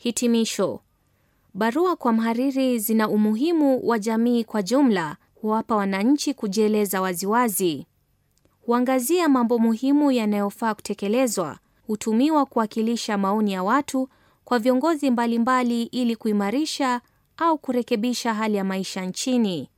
Hitimisho. Barua kwa mhariri zina umuhimu wa jamii kwa jumla, huwapa wananchi kujieleza waziwazi, huangazia mambo muhimu yanayofaa kutekelezwa, hutumiwa kuwakilisha maoni ya watu kwa viongozi mbalimbali ili kuimarisha au kurekebisha hali ya maisha nchini.